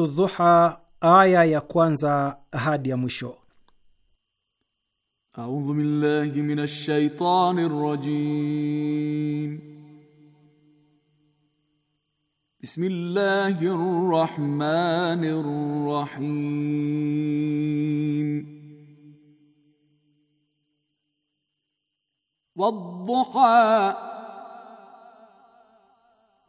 Suratu Dhuha aya ya kwanza hadi ya mwisho. A'udhu billahi minash shaitani rajim. Bismillahir rahmanir rahim. والضحى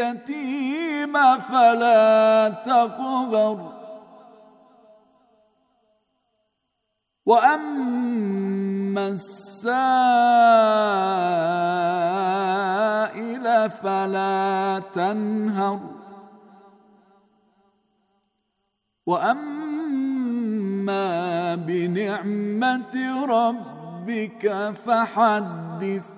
اليتيم فلا تقبر واما السائل فلا تنهر واما بنعمه ربك فحدث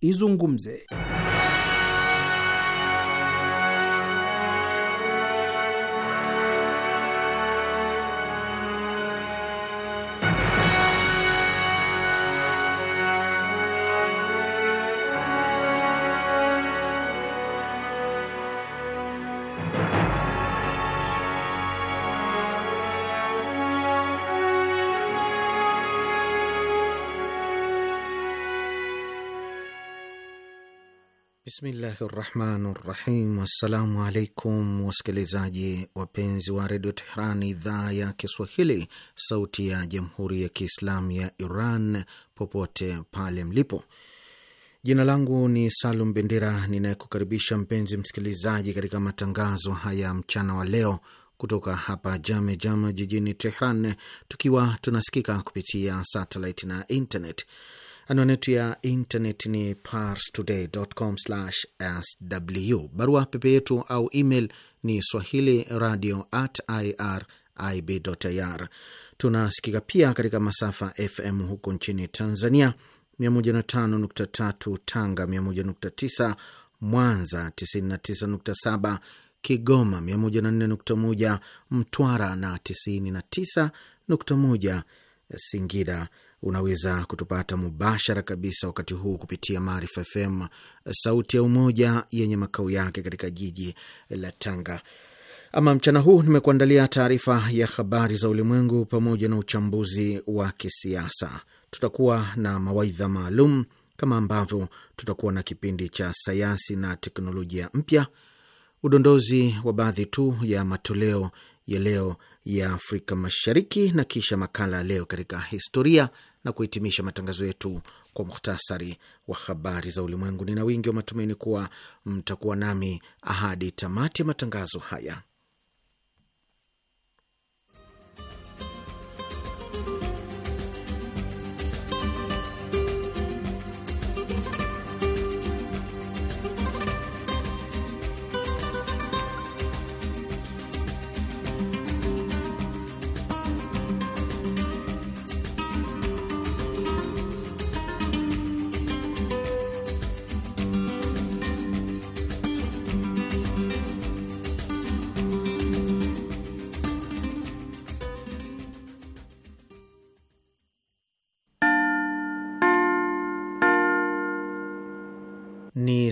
izungumze. Bismillahi rahmani rahim. Assalamu alaikum wasikilizaji wapenzi wa redio Tehran, idhaa ya Kiswahili, sauti ya jamhuri ya kiislamu ya Iran, popote pale mlipo. Jina langu ni Salum Bendera ninayekukaribisha mpenzi msikilizaji katika matangazo haya mchana wa leo kutoka hapa Jame Jama jijini Tehran, tukiwa tunasikika kupitia satelit na internet. Anwani yetu ya intaneti ni parstoday.com/sw. Barua pepe yetu au email ni swahili radio at irib.ir. Tunasikika pia katika masafa FM huko nchini Tanzania, 105.3 Tanga, 101.9 Mwanza, 99.7 Kigoma, 104.1 Mtwara na 99.1 Singida. Unaweza kutupata mubashara kabisa wakati huu kupitia Maarifa FM sauti ya umoja yenye makao yake katika jiji la Tanga. Ama mchana huu nimekuandalia taarifa ya habari za ulimwengu pamoja na uchambuzi wa kisiasa. Tutakuwa na mawaidha maalum kama ambavyo tutakuwa na kipindi cha sayansi na teknolojia mpya, udondozi wa baadhi tu ya matoleo ya leo ya Afrika Mashariki na kisha makala ya leo katika historia na kuhitimisha matangazo yetu kwa muhtasari wa habari za ulimwengu. Nina wingi wa matumaini kuwa mtakuwa nami ahadi tamati ya matangazo haya.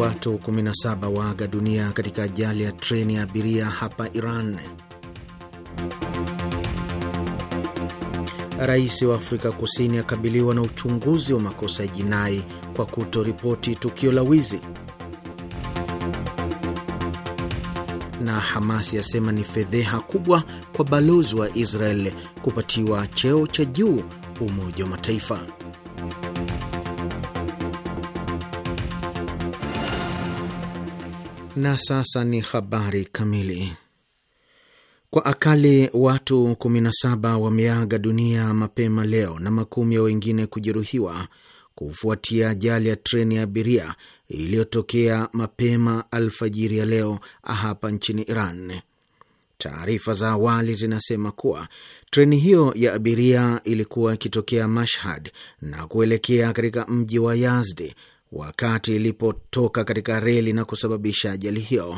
Watu 17 waaga dunia katika ajali ya treni ya abiria hapa Iran. Rais wa Afrika Kusini akabiliwa na uchunguzi wa makosa ya jinai kwa kutoripoti tukio la wizi. Na Hamas yasema ni fedheha kubwa kwa balozi wa Israel kupatiwa cheo cha juu Umoja wa Mataifa. Na sasa ni habari kamili. Kwa akali watu 17 wameaga dunia mapema leo na makumi ya wengine kujeruhiwa kufuatia ajali ya treni ya abiria iliyotokea mapema alfajiri ya leo hapa nchini Iran. Taarifa za awali zinasema kuwa treni hiyo ya abiria ilikuwa ikitokea Mashhad na kuelekea katika mji wa Yazdi wakati ilipotoka katika reli na kusababisha ajali hiyo.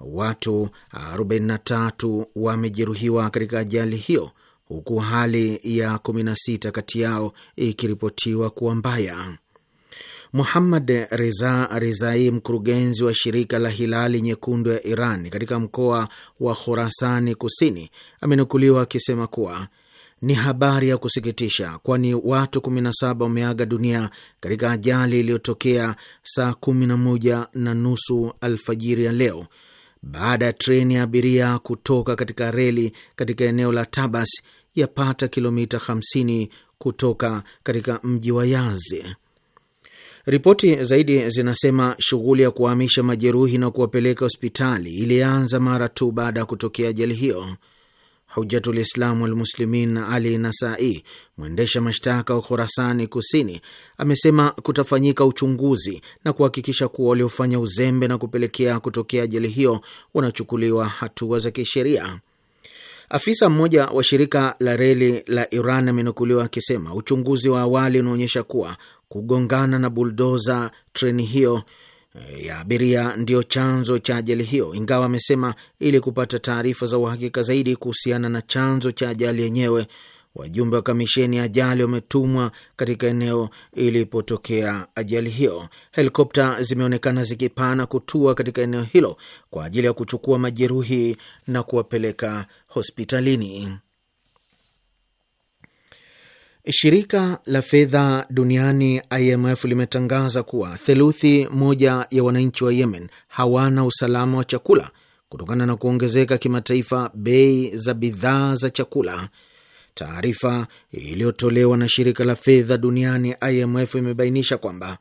Watu 43 wamejeruhiwa katika ajali hiyo huku hali ya 16 kati yao ikiripotiwa kuwa mbaya. Muhammad Reza Rezai, mkurugenzi wa shirika la Hilali Nyekundu ya Iran katika mkoa wa Khurasani Kusini, amenukuliwa akisema kuwa ni habari ya kusikitisha, kwani watu 17 wameaga dunia katika ajali iliyotokea saa 11 na nusu alfajiri ya leo baada ya treni ya abiria kutoka katika reli katika eneo la Tabas, yapata kilomita 50 kutoka katika mji wa Yazi. Ripoti zaidi zinasema shughuli ya kuwahamisha majeruhi na kuwapeleka hospitali ilianza mara tu baada ya kutokea ajali hiyo. Hujatul Islam Walmuslimin Ali Nasai, mwendesha mashtaka wa Khurasani Kusini, amesema kutafanyika uchunguzi na kuhakikisha kuwa waliofanya uzembe na kupelekea kutokea ajali hiyo wanachukuliwa hatua za kisheria. Afisa mmoja wa shirika la reli la Iran amenukuliwa akisema uchunguzi wa awali unaonyesha kuwa kugongana na buldoza treni hiyo Eh, ya abiria ndiyo chanzo cha ajali hiyo, ingawa amesema ili kupata taarifa za uhakika zaidi kuhusiana na chanzo cha ajali yenyewe, wajumbe wa kamisheni ya ajali wametumwa katika eneo ilipotokea ajali hiyo. Helikopta zimeonekana zikipana kutua katika eneo hilo kwa ajili ya kuchukua majeruhi na kuwapeleka hospitalini. Shirika la fedha duniani IMF limetangaza kuwa theluthi moja ya wananchi wa Yemen hawana usalama wa chakula kutokana na kuongezeka kimataifa bei za bidhaa za chakula. Taarifa iliyotolewa na shirika la fedha duniani IMF imebainisha kwamba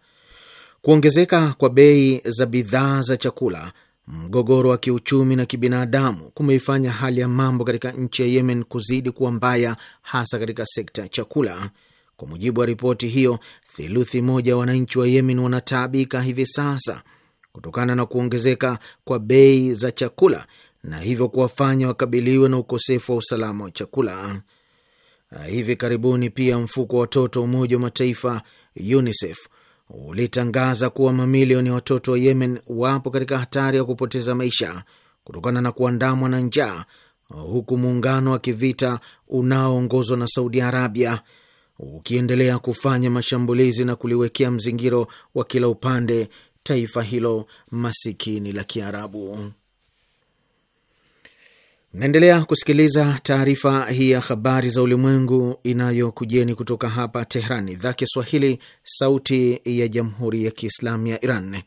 kuongezeka kwa bei za bidhaa za chakula Mgogoro wa kiuchumi na kibinadamu kumeifanya hali ya mambo katika nchi ya Yemen kuzidi kuwa mbaya, hasa katika sekta ya chakula. Kwa mujibu wa ripoti hiyo, theluthi moja ya wananchi wa Yemen wanataabika hivi sasa kutokana na kuongezeka kwa bei za chakula na hivyo kuwafanya wakabiliwe na ukosefu wa usalama wa chakula. Hivi karibuni pia mfuko wa watoto Umoja wa Mataifa UNICEF ulitangaza kuwa mamilioni ya watoto wa Yemen wapo katika hatari ya kupoteza maisha kutokana na kuandamwa na njaa, huku muungano wa kivita unaoongozwa na Saudi Arabia ukiendelea kufanya mashambulizi na kuliwekea mzingiro wa kila upande taifa hilo masikini la Kiarabu. Naendelea kusikiliza taarifa hii ya habari za ulimwengu inayokujeni kutoka hapa Tehran, idhaa Kiswahili, sauti ya jamhuri ya kiislamu ya Iran.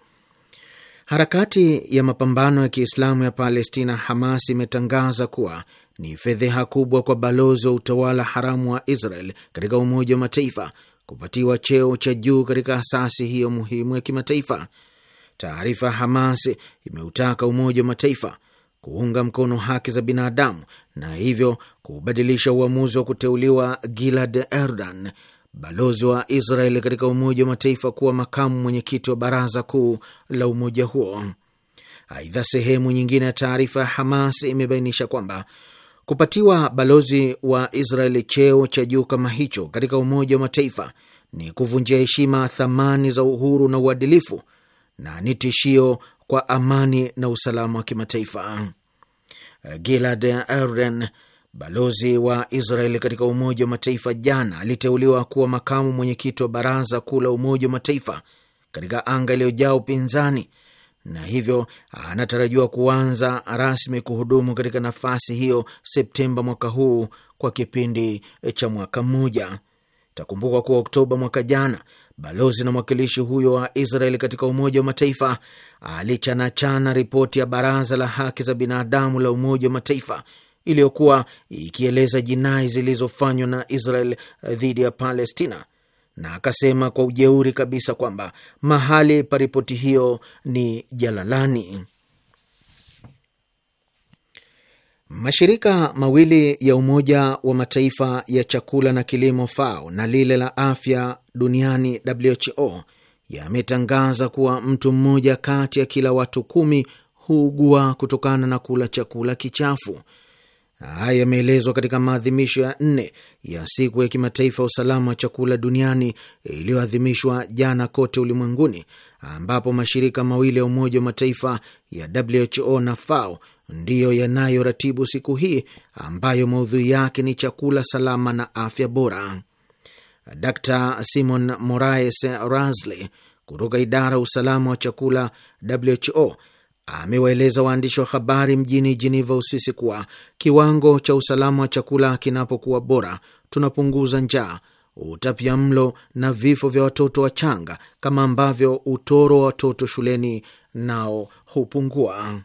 Harakati ya mapambano ya kiislamu ya Palestina, Hamas, imetangaza kuwa ni fedheha kubwa kwa balozi wa utawala haramu wa Israel katika Umoja wa Mataifa kupatiwa cheo cha juu katika asasi hiyo muhimu ya kimataifa. Taarifa ya Hamas imeutaka Umoja wa Mataifa kuunga mkono haki za binadamu na hivyo kubadilisha uamuzi wa kuteuliwa Gilad Erdan, balozi wa Israeli katika Umoja wa Mataifa, kuwa makamu mwenyekiti wa baraza kuu la umoja huo. Aidha, sehemu nyingine ya taarifa ya Hamas imebainisha kwamba kupatiwa balozi wa Israeli cheo cha juu kama hicho katika Umoja wa Mataifa ni kuvunjia heshima thamani za uhuru na uadilifu na ni tishio kwa amani na usalama wa kimataifa. Gilad arden balozi wa Israeli katika Umoja wa Mataifa, jana aliteuliwa kuwa makamu mwenyekiti wa Baraza Kuu la Umoja wa Mataifa katika anga iliyojaa upinzani na hivyo anatarajiwa kuanza rasmi kuhudumu katika nafasi hiyo Septemba mwaka huu kwa kipindi cha mwaka mmoja. Itakumbukwa kuwa Oktoba mwaka jana Balozi na mwakilishi huyo wa israel katika Umoja wa Mataifa alichanachana ripoti ya Baraza la Haki za Binadamu la Umoja wa Mataifa iliyokuwa ikieleza jinai zilizofanywa na Israel dhidi ya Palestina na akasema kwa ujeuri kabisa kwamba mahali pa ripoti hiyo ni jalalani. Mashirika mawili ya Umoja wa Mataifa ya chakula na kilimo FAO na lile la afya duniani WHO yametangaza kuwa mtu mmoja kati ya kila watu kumi huugua kutokana na kula chakula kichafu. Haya yameelezwa katika maadhimisho ya nne ya siku ya kimataifa ya usalama wa chakula duniani iliyoadhimishwa jana kote ulimwenguni, ambapo mashirika mawili ya Umoja wa Mataifa ya WHO na FAO ndiyo yanayoratibu siku hii ambayo maudhui yake ni chakula salama na afya bora. Dr Simon Moraes Rasley kutoka idara ya usalama wa chakula WHO amewaeleza waandishi wa habari mjini Jeneva Uswisi kuwa kiwango cha usalama wa chakula kinapokuwa bora, tunapunguza njaa, utapia mlo na vifo vya watoto wachanga, kama ambavyo utoro wa watoto shuleni nao hupungua.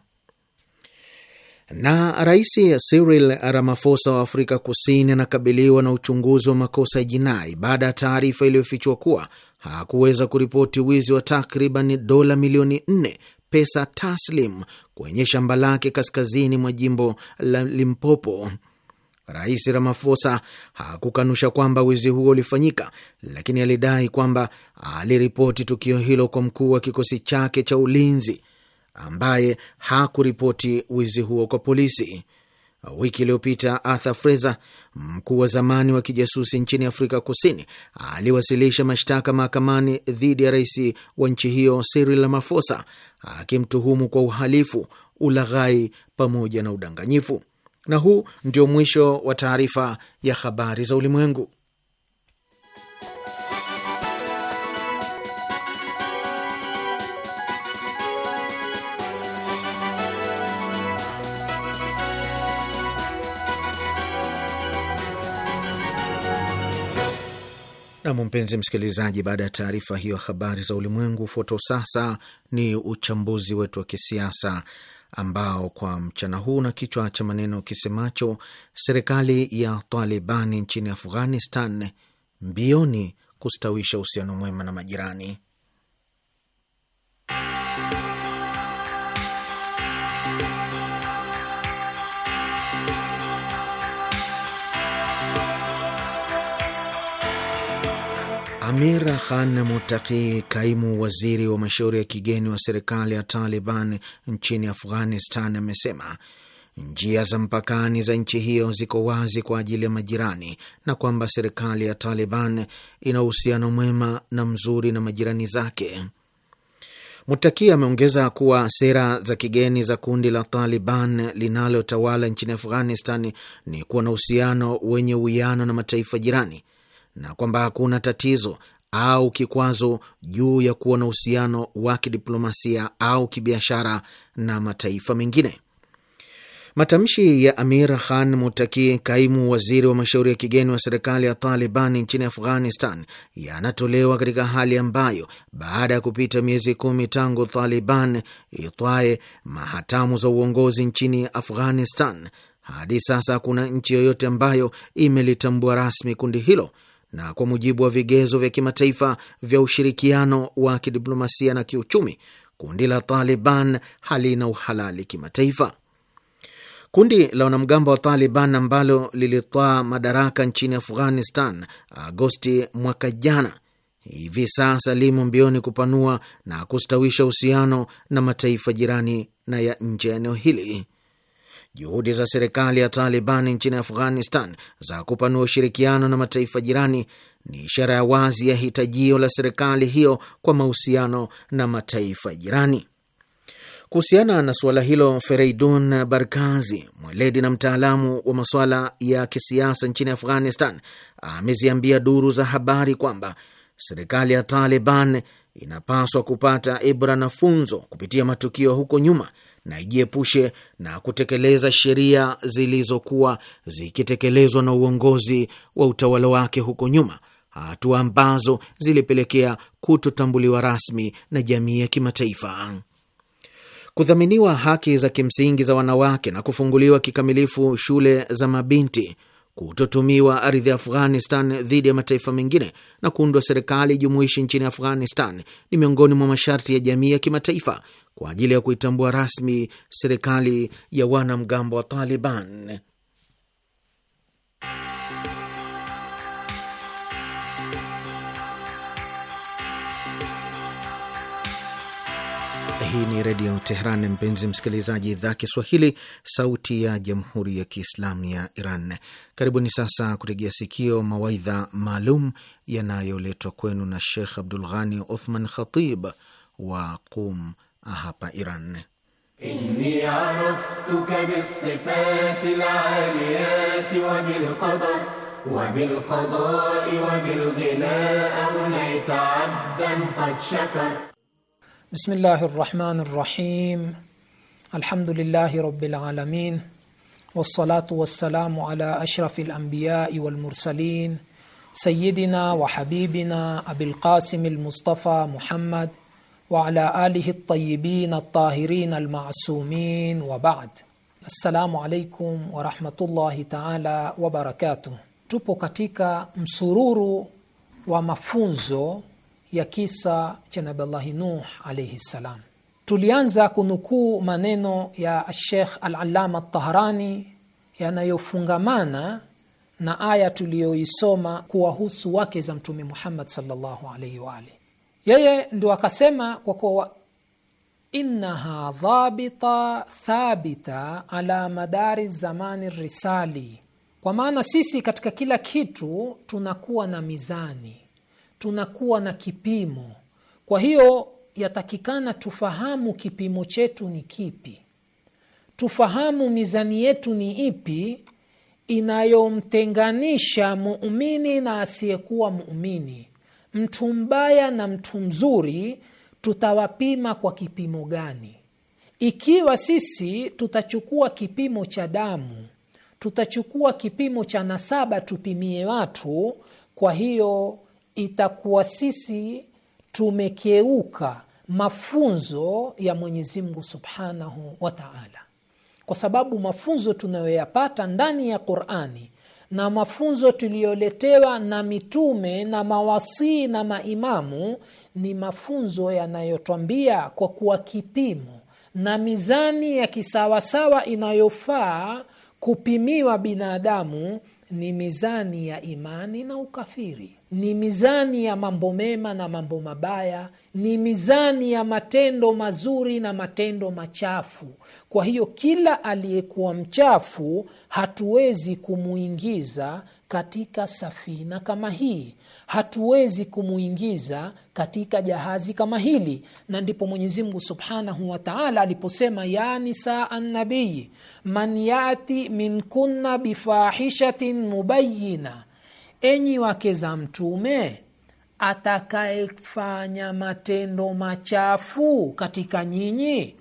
Na Rais Cyril Ramaphosa wa Afrika Kusini anakabiliwa na uchunguzi wa makosa ya jinai baada ya taarifa iliyofichwa kuwa hakuweza kuripoti wizi wa takriban dola milioni nne pesa taslim kwenye shamba lake kaskazini mwa jimbo la Limpopo. Rais Ramaphosa hakukanusha kwamba wizi huo ulifanyika, lakini alidai kwamba aliripoti tukio hilo kwa mkuu wa kikosi chake cha ulinzi ambaye hakuripoti wizi huo kwa polisi. Wiki iliyopita Arthur Fraser, mkuu wa zamani wa kijasusi nchini Afrika Kusini, aliwasilisha mashtaka mahakamani dhidi ya rais wa nchi hiyo Cyril Ramaphosa, akimtuhumu kwa uhalifu, ulaghai pamoja na udanganyifu. Na huu ndio mwisho wa taarifa ya habari za ulimwengu. Nam, mpenzi msikilizaji, baada ya taarifa hiyo habari za ulimwengu foto, sasa ni uchambuzi wetu wa kisiasa ambao kwa mchana huu na kichwa cha maneno kisemacho serikali ya Talibani nchini Afghanistan mbioni kustawisha uhusiano mwema na majirani. amir Khan Mutaki, kaimu waziri wa mashauri ya kigeni wa serikali ya Taliban nchini Afghanistan, amesema njia za mpakani za nchi hiyo ziko wazi kwa ajili ya majirani na kwamba serikali ya Taliban ina uhusiano mwema na mzuri na majirani zake. Mutaki ameongeza kuwa sera za kigeni za kundi la Taliban linalotawala nchini Afghanistan ni kuwa na uhusiano wenye uwiano na mataifa jirani na kwamba hakuna tatizo au kikwazo juu ya kuwa na uhusiano wa kidiplomasia au kibiashara na mataifa mengine. Matamshi ya Amir Khan Mutaki, kaimu waziri wa mashauri ya kigeni wa serikali ya taliban nchini Afghanistan, yanatolewa katika hali ambayo baada ya kupita miezi kumi tangu Taliban itwae mahatamu za uongozi nchini Afghanistan, hadi sasa hakuna nchi yoyote ambayo imelitambua rasmi kundi hilo na kwa mujibu wa vigezo vya kimataifa vya ushirikiano wa kidiplomasia na kiuchumi, kundi la Taliban halina uhalali kimataifa. Kundi la wanamgambo wa Taliban ambalo lilitwaa madaraka nchini Afghanistan Agosti mwaka jana, hivi sasa limo mbioni kupanua na kustawisha uhusiano na mataifa jirani na ya nje ya eneo hili juhudi za serikali ya taliban nchini Afghanistan za kupanua ushirikiano na mataifa jirani ni ishara ya wazi ya hitajio la serikali hiyo kwa mahusiano na mataifa jirani. Kuhusiana na suala hilo, Fereidun Barkazi, mweledi na mtaalamu wa masuala ya kisiasa nchini Afghanistan, ameziambia duru za habari kwamba serikali ya Taliban inapaswa kupata ibra na funzo kupitia matukio huko nyuma na ijiepushe na kutekeleza sheria zilizokuwa zikitekelezwa na uongozi wa utawala wake huko nyuma, hatua ambazo zilipelekea kutotambuliwa rasmi na jamii ya kimataifa. Kudhaminiwa haki za kimsingi za wanawake na kufunguliwa kikamilifu shule za mabinti kutotumiwa ardhi ya Afghanistan dhidi ya mataifa mengine na kuundwa serikali jumuishi nchini Afghanistan ni miongoni mwa masharti ya jamii ya kimataifa kwa ajili ya kuitambua rasmi serikali ya wanamgambo wa Taliban. Hii ni Redio Tehran, mpenzi msikilizaji, idhaa Kiswahili, sauti ya jamhuri ya kiislamu ya Iran. Karibuni sasa kutegea sikio mawaidha maalum yanayoletwa kwenu na Shekh Abdul Ghani Othman Khatib wa Qum hapa Iran. Inni بسم الله الرحمن الرحيم الحمد لله رب العالمين والصلاة والسلام على أشرف الأنبياء والمرسلين سيدنا وحبيبنا أبي القاسم المصطفى محمد وعلى آله الطيبين الطاهرين المعصومين وبعد السلام عليكم ورحمة الله تعالى وبركاته تبقى katika مسرور ومفونزو ya kisa cha Nabillahi Nuh alaihi ssalam. Tulianza kunukuu maneno ya Sheikh Al-Allama yanayofungamana na aya tuliyoisoma kuwahusu wake za Mtume Muhammad sallallahu alaihi wa Yeye ndo akasema kwa kuwa innaha dhabita thabita ala madari zamani risali, kwa maana sisi katika kila kitu tunakuwa na mizani tunakuwa na kipimo. Kwa hiyo yatakikana tufahamu kipimo chetu ni kipi, tufahamu mizani yetu ni ipi inayomtenganisha muumini na asiyekuwa muumini, mtu mbaya na mtu mzuri. Tutawapima kwa kipimo gani? Ikiwa sisi tutachukua kipimo cha damu, tutachukua kipimo cha nasaba tupimie watu, kwa hiyo itakuwa sisi tumekeuka mafunzo ya Mwenyezi Mungu Subhanahu wa Ta'ala, kwa sababu mafunzo tunayoyapata ndani ya Qur'ani na mafunzo tuliyoletewa na mitume na mawasii na maimamu ni mafunzo yanayotwambia kwa kuwa kipimo na mizani ya kisawasawa inayofaa kupimiwa binadamu ni mizani ya imani na ukafiri ni mizani ya mambo mema na mambo mabaya, ni mizani ya matendo mazuri na matendo machafu. Kwa hiyo kila aliyekuwa mchafu hatuwezi kumuingiza katika safina kama hii, hatuwezi kumuingiza katika jahazi kama hili. Na ndipo Mwenyezi Mungu subhanahu wa taala aliposema, ya nisaa annabiyi man yati minkunna bifahishatin mubayina Enyi wake za Mtume, atakayefanya matendo machafu katika nyinyi,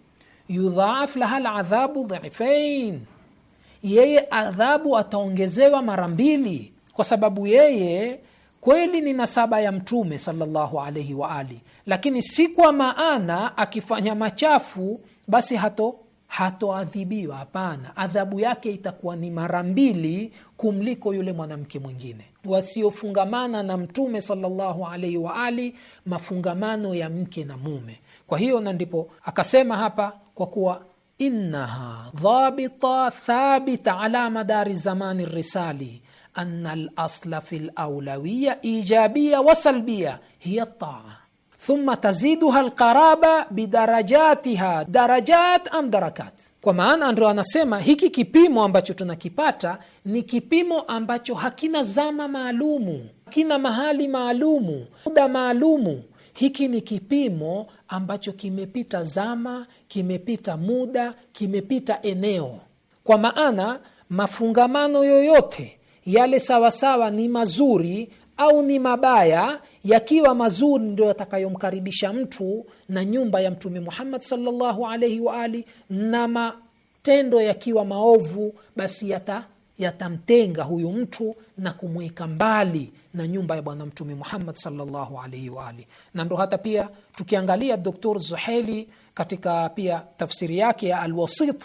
yudhaaf laha ladhabu dhifain, yeye adhabu ataongezewa mara mbili, kwa sababu yeye kweli ni nasaba ya Mtume sallallahu alaihi wa ali, lakini si kwa maana akifanya machafu basi hato hatoadhibiwa. Hapana, adhabu yake itakuwa ni mara mbili kumliko yule mwanamke mwingine. Wasiofungamana na Mtume sallallahu alaihi wa ali, mafungamano ya mke na mume. Kwa hiyo na ndipo akasema hapa kwa kuwa innaha dhabita thabita ala madari zamani risali anna lasla fi laulawiya ijabia wa salbia hiya taa thumma taziduha alqaraba bidarajatiha darajat am darakat. Kwa maana ndo anasema hiki kipimo ambacho tunakipata ni kipimo ambacho hakina zama maalumu, hakina mahali maalumu, muda maalumu. Hiki ni kipimo ambacho kimepita zama, kimepita muda, kimepita eneo. Kwa maana mafungamano yoyote yale sawasawa ni mazuri au ni mabaya yakiwa mazuri ndio yatakayomkaribisha mtu na nyumba ya mtume Muhammad salllahu alaihi waali na matendo yakiwa maovu basi yata yatamtenga huyu mtu na kumweka mbali na nyumba ya bwana mtume Muhammad salllahu alaihi waali Na ndo hata pia tukiangalia Dr. Zuheli katika pia tafsiri yake ya Alwasit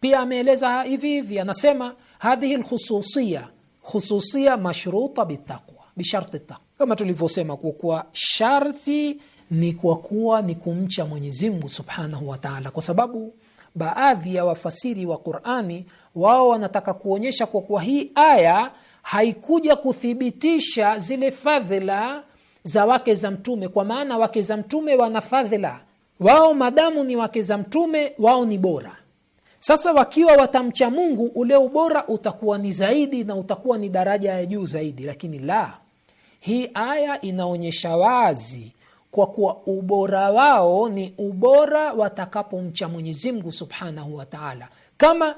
pia ameeleza hivi hivi, anasema hadhihi lkhususia khususia mashruta bitaqwa bisharti ta, kama tulivyosema, kwa kuwa sharti ni kwa kuwa ni kumcha Mwenyezi Mungu subhanahu wa taala, kwa sababu baadhi ya wafasiri wa Qurani wao wanataka kuonyesha kwa kuwa hii aya haikuja kuthibitisha zile fadhila za wake za Mtume, kwa maana wake za Mtume wana fadhila wao, madamu ni wake za Mtume wao ni bora. Sasa wakiwa watamcha Mungu, ule ubora utakuwa ni zaidi na utakuwa ni daraja ya juu zaidi, lakini la hii aya inaonyesha wazi kwa kuwa ubora wao ni ubora watakapomcha Mwenyezi Mungu subhanahu wa taala, kama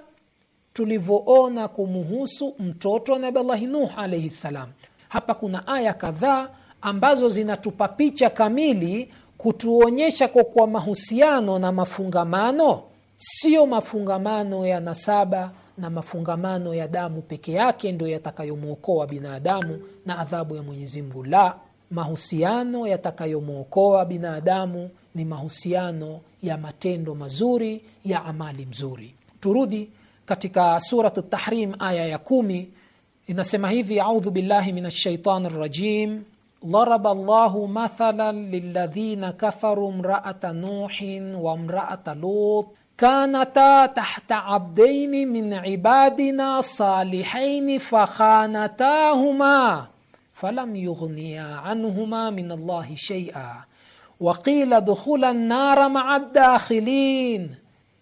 tulivyoona kumuhusu mtoto wa Nabillahi Nuh alaihi ssalam. Hapa kuna aya kadhaa ambazo zinatupa picha kamili kutuonyesha kwa kuwa mahusiano na mafungamano sio mafungamano ya nasaba na mafungamano ya damu peke yake ndio yatakayomwokoa binadamu na adhabu ya Mwenyezi Mungu. La, mahusiano yatakayomwokoa binadamu ni mahusiano ya matendo mazuri ya amali mzuri. Turudi katika Surat Tahrim aya ya kumi, inasema hivi: audhu billahi min shaitani rajim daraba llahu mathalan lilladhina kafaru mraata nuhin wa mraata lut kanata tahta abdaini min ibadina salihaini fakhanatahuma falam yughniya anhuma min allahi sheia waqila dukhula nnara maa dakhilin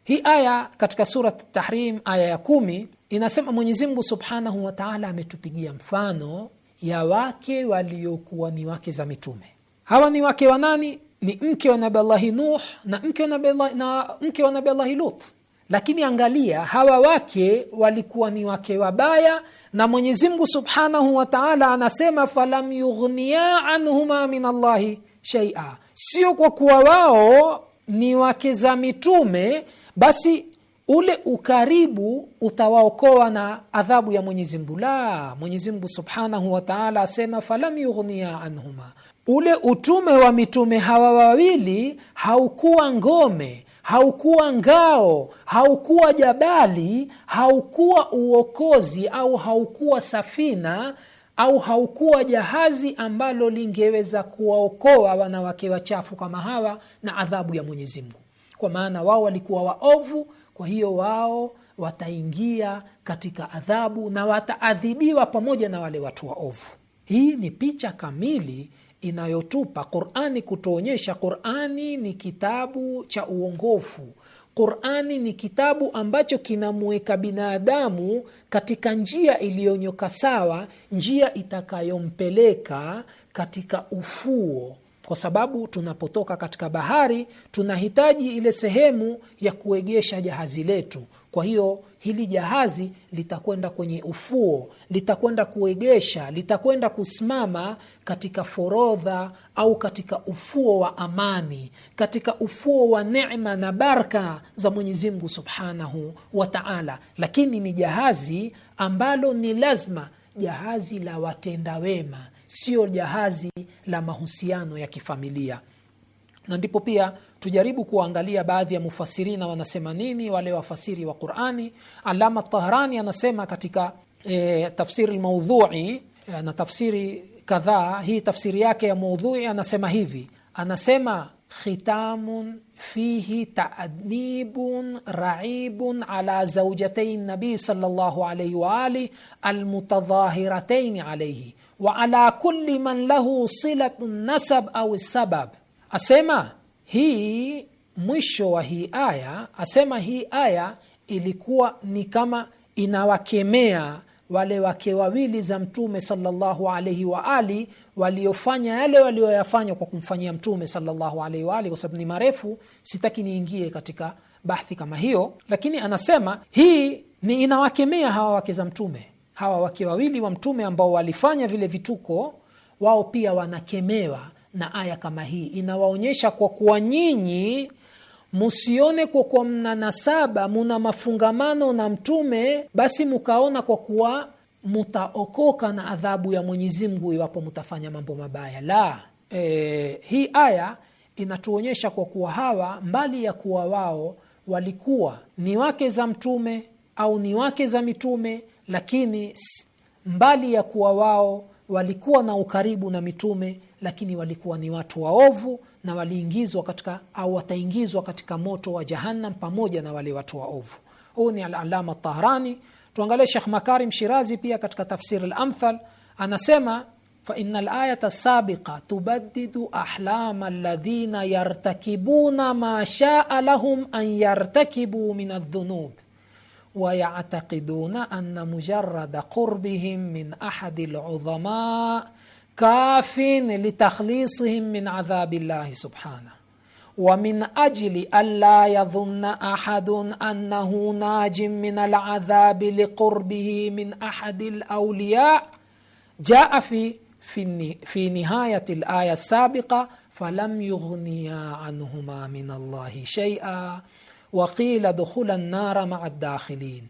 hi aya katika surat tahrim aya ya kumi inasema mwenyezimngu subhanahu wataala ametupigia mfano ya wake waliokuwa ni wake za mitume hawa ni wake wa nani ni mke wa Nabii Allah Nuh na mke wa Nabii Allah, na mke wa Nabii Allah Lut. Lakini angalia hawa wake walikuwa ni wake wabaya, na Mwenyezi Mungu Subhanahu wa Ta'ala anasema falam yughniya anhuma min Allahi shay'a, sio kwa kuwa wao ni wake za mitume basi ule ukaribu utawaokoa na adhabu ya Mwenyezi Mungu. La, Mwenyezi Mungu Subhanahu wa Ta'ala asema falam yughniya anhuma ule utume wa mitume hawa wawili haukuwa ngome haukuwa ngao haukuwa jabali haukuwa uokozi au haukuwa safina au haukuwa jahazi ambalo lingeweza kuwaokoa wanawake wachafu kama hawa na adhabu ya mwenyezi mungu kwa maana wao walikuwa waovu kwa hiyo wao wataingia katika adhabu na wataadhibiwa pamoja na wale watu waovu hii ni picha kamili inayotupa Qurani, kutuonyesha Qurani ni kitabu cha uongofu. Qurani ni kitabu ambacho kinamweka binadamu katika njia iliyonyoka sawa, njia itakayompeleka katika ufuo kwa sababu tunapotoka katika bahari tunahitaji ile sehemu ya kuegesha jahazi letu. Kwa hiyo hili jahazi litakwenda kwenye ufuo, litakwenda kuegesha, litakwenda kusimama katika forodha au katika ufuo wa amani, katika ufuo wa nema na barka za mwenyezimgu subhanahu wa taala. Lakini ni jahazi ambalo ni lazima, jahazi la watenda wema sio jahazi la mahusiano ya kifamilia na ndipo pia tujaribu kuangalia baadhi ya mufasirina wanasema nini wale wafasiri wa Qur'ani. Alama Tahrani anasema katika e, tafsiri lmaudhui e, na tafsiri kadhaa, hii tafsiri yake ya maudhui anasema hivi, anasema khitamun fihi ta'nibun ra'ibun ala zaujatain nabii sallallahu alayhi wa alihi almutadhahiratayn alayhi wa ala kulli man lahu silatu nasab au sabab, asema hii mwisho wa hii aya, asema hii aya ilikuwa ni kama inawakemea wale wake wawili za Mtume sallallahu alaihi wa ali waliofanya yale walioyafanya kwa kumfanyia Mtume sallallahu alaihi wa ali. Kwa sababu ni marefu, sitaki niingie katika bahthi kama hiyo, lakini anasema hii ni inawakemea hawa wake za Mtume hawa wake wawili wa Mtume ambao walifanya vile vituko, wao pia wanakemewa na aya kama hii. Inawaonyesha kwa kuwa nyinyi musione kwa kuwa mna nasaba, muna mafungamano na Mtume, basi mukaona kwa kuwa mutaokoka na adhabu ya Mwenyezi Mungu iwapo mutafanya mambo mabaya. La, e, hii aya inatuonyesha kwa kuwa hawa mbali ya kuwa wao walikuwa ni wake za Mtume au ni wake za mitume lakini mbali ya kuwa wao walikuwa na ukaribu na mitume, lakini walikuwa ni watu waovu na waliingizwa katika au wataingizwa katika moto wa Jahannam pamoja na wale watu waovu. Huu ni Alalama Tahrani. Tuangalie Shekh Makarim Shirazi pia katika Tafsir Lamthal anasema fain laya sabiqa tubadidu ahlama ladhina yartakibuna ma shaa lahum an yartakibu min aldhunub ويعتقدون أن مجرد قربهم من أحد العظماء كاف لتخليصهم من عذاب الله سبحانه ومن أجل ألا يظن أحد أنه ناج من العذاب لقربه من أحد الأولياء جاء في في في نهاية الآية السابقة فلم يغنيا عنهما من الله شيئا waqila dukhula nara maa dakhilin.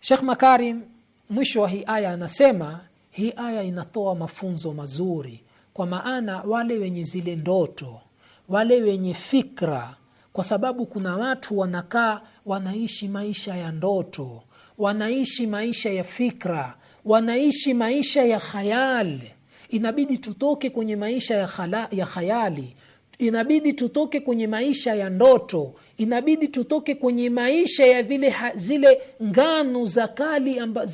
Sheikh Makarim mwisho wa hii aya anasema hii aya inatoa mafunzo mazuri, kwa maana wale wenye zile ndoto, wale wenye fikra, kwa sababu kuna watu wanakaa wanaishi maisha ya ndoto, wanaishi maisha ya fikra, wanaishi maisha ya khayali. Inabidi tutoke kwenye maisha ya, khala, ya khayali inabidi tutoke kwenye maisha ya ndoto, inabidi tutoke kwenye maisha ya vile ha, zile ngano za kale amba,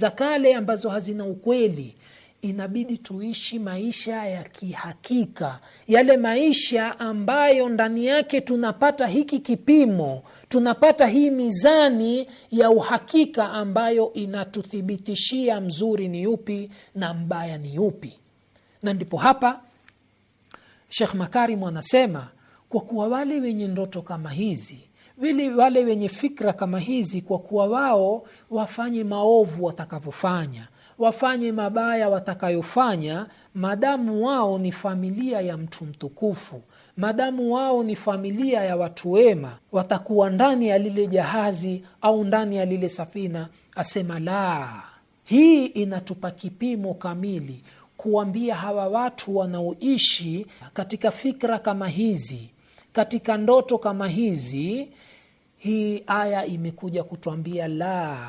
ambazo hazina ukweli. Inabidi tuishi maisha ya kihakika, yale maisha ambayo ndani yake tunapata hiki kipimo, tunapata hii mizani ya uhakika ambayo inatuthibitishia mzuri ni upi na mbaya ni yupi, na ndipo hapa Shekh makarimu anasema kwa kuwa wale wenye ndoto kama hizi vile wale wenye fikra kama hizi, kwa kuwa wao wafanye maovu watakavyofanya, wafanye mabaya watakayofanya, madamu wao ni familia ya mtu mtukufu, madamu wao ni familia ya watu wema, watakuwa ndani ya lile jahazi au ndani ya lile safina. Asema la, hii inatupa kipimo kamili kuambia hawa watu wanaoishi katika fikra kama hizi, katika ndoto kama hizi. Hii aya imekuja kutwambia la,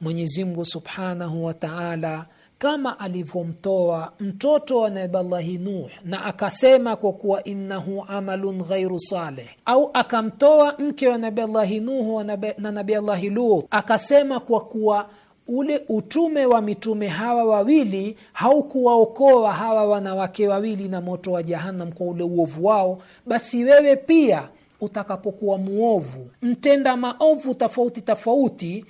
Mwenyezi Mungu subhanahu wa taala kama alivyomtoa mtoto wa Nabillahi Nuh na akasema kwa kuwa innahu amalun ghairu saleh, au akamtoa mke wa Nabillahi Nuh na Nabillahi Lut akasema kwa kuwa ule utume wa mitume hawa wawili haukuwaokoa hawa wanawake wawili na moto wa jahannam kwa ule uovu wao basi wewe pia utakapokuwa mwovu mtenda maovu tofauti tofauti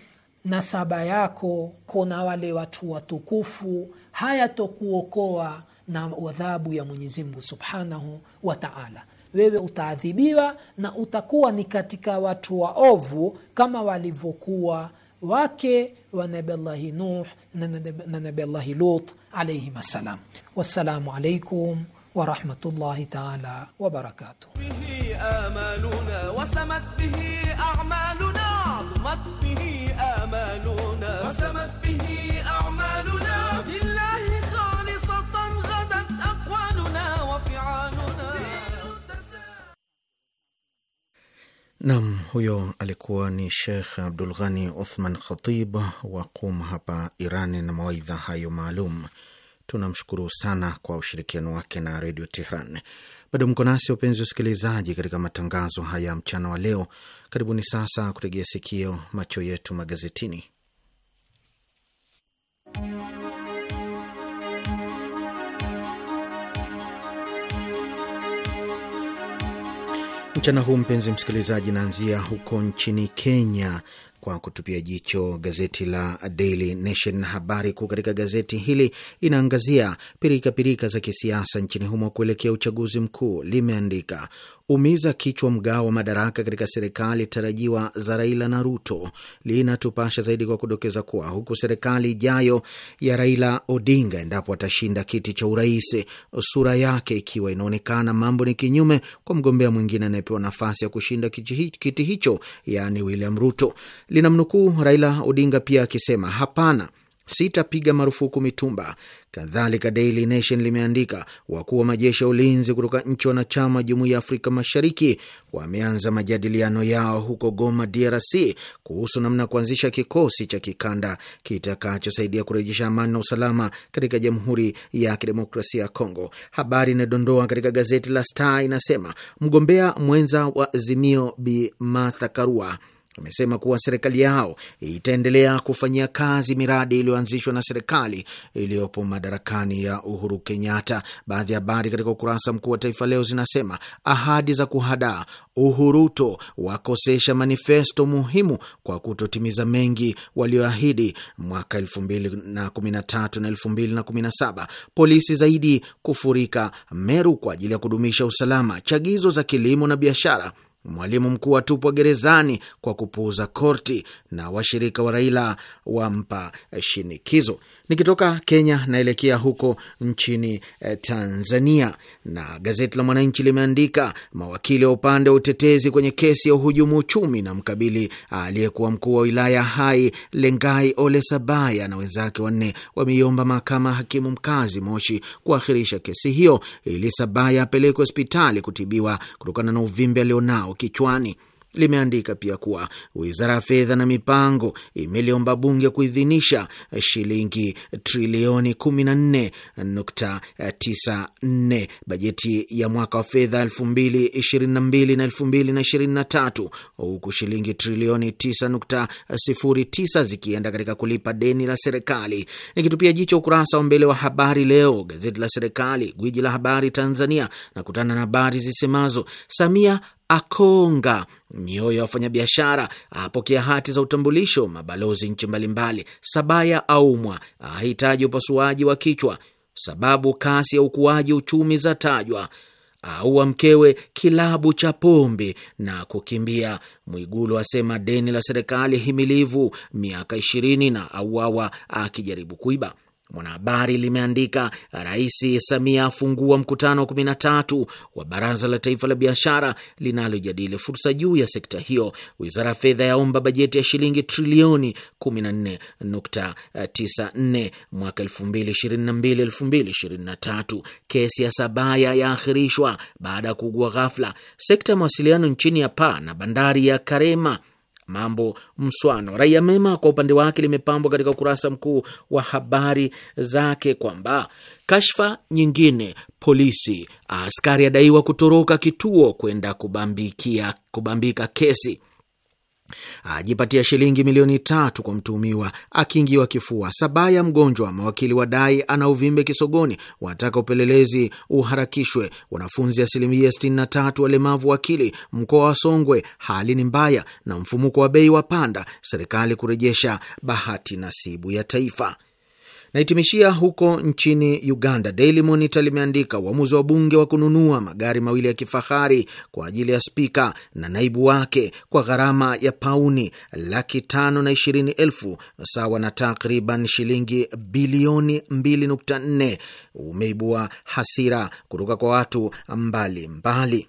na saba yako kona wale watu watukufu hayatokuokoa na adhabu ya mwenyezimngu subhanahu wa taala wewe utaadhibiwa na utakuwa ni katika watu waovu kama walivyokuwa wake wa nabi Allahi Nuh na nabi Allahi Lut alayhim assalam. Wassalamu alaykum wa rahmatullahi ta'ala wa barakatuh. Bihi amaluna wa samat bihi به آمالنا Nam, huyo alikuwa ni Shekh Abdul Ghani Uthman Khatib wa Qum hapa iran na mawaidha hayo maalum. Tunamshukuru sana kwa ushirikiano wake na Redio Tehran. Bado mko nasi wapenzi wasikilizaji, katika matangazo haya mchana wa leo. Karibuni sasa kutegea sikio macho yetu magazetini mchana huu, mpenzi msikilizaji, naanzia huko nchini Kenya kwa kutupia jicho gazeti la Daily Nation na habari kuu katika gazeti hili inaangazia pirikapirika pirika za kisiasa nchini humo kuelekea uchaguzi mkuu. Limeandika umiza kichwa mgao wa madaraka katika serikali tarajiwa za Raila na Ruto linatupasha zaidi kwa kudokeza kuwa huku serikali ijayo ya Raila Odinga, endapo atashinda kiti cha urais, sura yake ikiwa inaonekana mambo ni kinyume kwa mgombea mwingine anayepewa nafasi ya kushinda kiti hicho, yaani William Ruto. Linamnukuu Raila Odinga pia akisema hapana, sitapiga marufuku mitumba. Kadhalika, Daily Nation limeandika wakuu wa majeshi ya ulinzi kutoka nchi wanachama jumuiya ya Afrika Mashariki wameanza majadiliano yao huko Goma, DRC, kuhusu namna ya kuanzisha kikosi cha kikanda kitakachosaidia kurejesha amani na usalama katika Jamhuri ya Kidemokrasia ya Kongo. Habari inayodondoa katika gazeti la Star inasema mgombea mwenza wa Azimio Bi Martha Karua imesema kuwa serikali yao itaendelea kufanyia kazi miradi iliyoanzishwa na serikali iliyopo madarakani ya Uhuru Kenyatta. Baadhi ya habari katika ukurasa mkuu wa Taifa Leo zinasema ahadi za kuhadaa, Uhuruto wakosesha manifesto muhimu kwa kutotimiza mengi walioahidi mwaka elfu na polisi zaidi kufurika Meru kwa ajili ya kudumisha usalama, chagizo za kilimo na biashara Mwalimu mkuu atupwa gerezani kwa kupuuza korti na washirika wa Raila wampa shinikizo. Nikitoka Kenya naelekea huko nchini eh, Tanzania, na gazeti la Mwananchi limeandika mawakili wa upande wa utetezi kwenye kesi ya uhujumu uchumi na mkabili ah, aliyekuwa mkuu wa wilaya Hai Lengai Ole Sabaya na wenzake wanne wameiomba mahakama hakimu mkazi Moshi kuakhirisha kesi hiyo ili Sabaya apelekwe hospitali kutibiwa kutokana na uvimbe alionao kichwani limeandika pia kuwa wizara ya fedha na mipango imeliomba bunge kuidhinisha shilingi trilioni 14.94 bajeti ya mwaka wa fedha 2022 na 2023 huku shilingi trilioni 9.09 zikienda katika kulipa deni la serikali. Nikitupia jicho ukurasa wa mbele wa Habari Leo, gazeti la serikali, gwiji la habari Tanzania, na kutana na habari zisemazo Samia akonga mioyo ya wafanyabiashara, apokea hati za utambulisho mabalozi nchi mbalimbali. Sabaya aumwa, ahitaji upasuaji wa kichwa. Sababu kasi ya ukuaji uchumi za tajwa. Aua mkewe kilabu cha pombe na kukimbia. Mwigulu asema deni la serikali himilivu miaka ishirini na auawa akijaribu kuiba. Mwanahabari limeandika Rais Samia afungua mkutano wa kumi na tatu wa Baraza la Taifa la Biashara linalojadili fursa juu ya sekta hiyo. Wizara ya Fedha yaomba bajeti ya shilingi trilioni 14.94 mwaka 2022 2023. Kesi ya Sabaya yaahirishwa baada ya kuugua ghafla. Sekta ya mawasiliano nchini ya paa na bandari ya Karema mambo mswano. Raia Mema kwa upande wake limepambwa katika ukurasa mkuu wa habari zake kwamba kashfa nyingine, polisi askari adaiwa kutoroka kituo kwenda kubambikia kubambika kesi ajipatia shilingi milioni tatu kwa mtuhumiwa akiingiwa kifua. Sabaya mgonjwa, mawakili wadai ana uvimbe kisogoni, wataka upelelezi uharakishwe. Wanafunzi asilimia tatu walemavu wakili mkoa wa Songwe, hali ni mbaya na mfumuko wa bei wa panda, serikali kurejesha bahati nasibu ya taifa naitimishia huko nchini Uganda. Daily Monitor limeandika uamuzi wa bunge wa kununua magari mawili ya kifahari kwa ajili ya spika na naibu wake kwa gharama ya pauni laki tano na ishirini elfu sawa na takriban shilingi bilioni 2.4 umeibua hasira kutoka kwa watu mbalimbali mbali.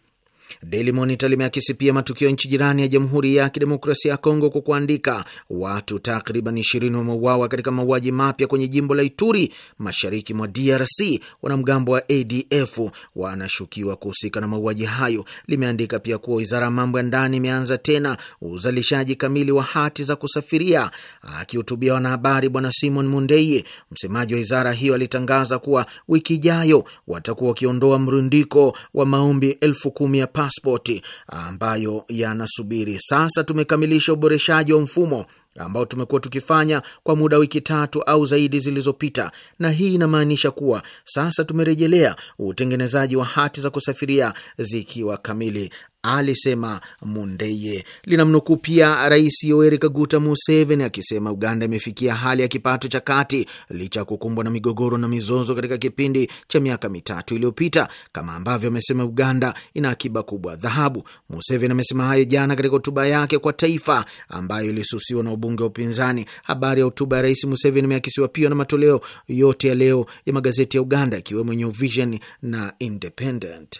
Daily Monitor limeakisi pia matukio ya nchi jirani ya Jamhuri ya Kidemokrasia ya Kongo kwa kuandika watu takriban ishirini wameuawa katika mauaji mapya kwenye jimbo la Ituri, mashariki mwa DRC. Wanamgambo wa ADF wanashukiwa kuhusika na mauaji hayo. Limeandika pia kuwa wizara ya mambo ya ndani imeanza tena uzalishaji kamili wa hati za kusafiria. Akihutubia wanahabari, Bwana Simon Mundei, msemaji wa wizara hiyo, alitangaza kuwa wiki ijayo watakuwa wakiondoa mrundiko wa maombi elfu kumi ya pasipoti ambayo yanasubiri sasa. Tumekamilisha uboreshaji wa mfumo ambao tumekuwa tukifanya kwa muda wiki tatu au zaidi zilizopita, na hii inamaanisha kuwa sasa tumerejelea utengenezaji wa hati za kusafiria zikiwa kamili alisema Mundeye. Linamnukuu pia Rais Yoweri Kaguta Museveni akisema Uganda imefikia hali ya kipato cha kati licha ya kukumbwa na migogoro na mizozo katika kipindi cha miaka mitatu iliyopita, kama ambavyo amesema Uganda ina akiba kubwa dhahabu. Museveni amesema hayo jana katika hotuba yake kwa taifa ambayo ilisusiwa na ubunge wa upinzani. Habari ya hotuba ya Rais Museveni imeakisiwa pia na matoleo yote ya leo ya magazeti ya Uganda, ikiwemo New Vision na Independent.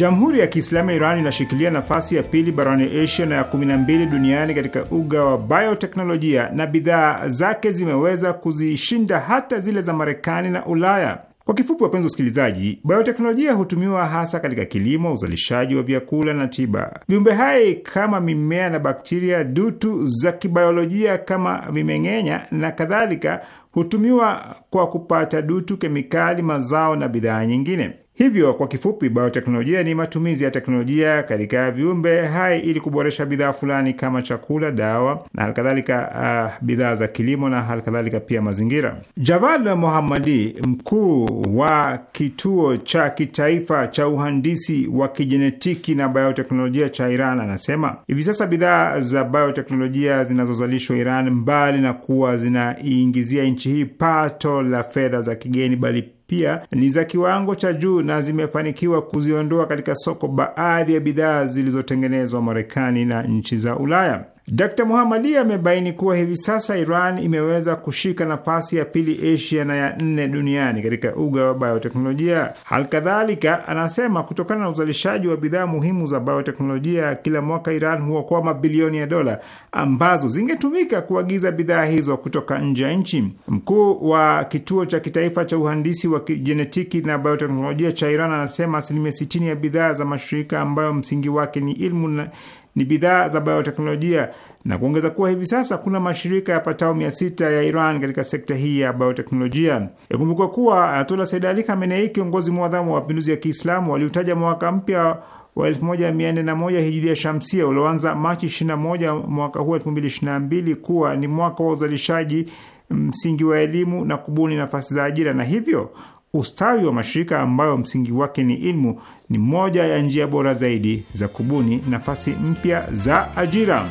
Jamhuri ya Kiislamu ya Iran inashikilia nafasi ya pili barani Asia na ya 12 duniani katika uga wa bioteknolojia na bidhaa zake zimeweza kuzishinda hata zile za Marekani na Ulaya. Kwa kifupi, wapenzi wasikilizaji, bioteknolojia hutumiwa hasa katika kilimo, uzalishaji wa vyakula na tiba. Viumbe hai kama mimea na bakteria, dutu za kibiolojia kama vimeng'enya na kadhalika hutumiwa kwa kupata dutu, kemikali, mazao na bidhaa nyingine. Hivyo kwa kifupi, bioteknolojia ni matumizi ya teknolojia katika viumbe hai ili kuboresha bidhaa fulani kama chakula, dawa na halikadhalika, uh, ah, bidhaa za kilimo na halikadhalika pia mazingira. Javad Mohammadi, mkuu wa kituo cha kitaifa cha uhandisi wa kijenetiki na bioteknolojia cha Iran, anasema hivi sasa bidhaa za bioteknolojia zinazozalishwa Iran, mbali na kuwa zinaingizia nchi hii pato la fedha za kigeni, bali pia ni za kiwango cha juu na zimefanikiwa kuziondoa katika soko baadhi ya bidhaa zilizotengenezwa Marekani na nchi za Ulaya. Dr Muhamadi amebaini kuwa hivi sasa Iran imeweza kushika nafasi ya pili Asia na ya nne duniani katika uga wa bioteknolojia. Halikadhalika, anasema kutokana na uzalishaji wa bidhaa muhimu za bioteknolojia kila mwaka, Iran huokoa mabilioni ya dola ambazo zingetumika kuagiza bidhaa hizo kutoka nje ya nchi. Mkuu wa kituo cha kitaifa cha uhandisi wa kijenetiki na bioteknolojia cha Iran anasema asilimia sitini ya bidhaa za mashirika ambayo msingi wake ni ilmu na ni bidhaa za bioteknolojia na kuongeza kuwa hivi sasa kuna mashirika ya patao mia sita ya Iran katika sekta hii ya bioteknolojia. Ikumbukwa kuwa Ayatollah Said Ali Khamenei, kiongozi mwadhamu wa mapinduzi ya Kiislamu, waliutaja mwaka mpya wa 1401 hijiria shamsia ulioanza Machi 21 mwaka huu 2022 kuwa ni mwaka wa uzalishaji msingi wa elimu na kubuni nafasi za ajira na hivyo ustawi wa mashirika ambayo msingi wake ni ilmu ni moja ya njia bora zaidi za kubuni nafasi mpya za ajira.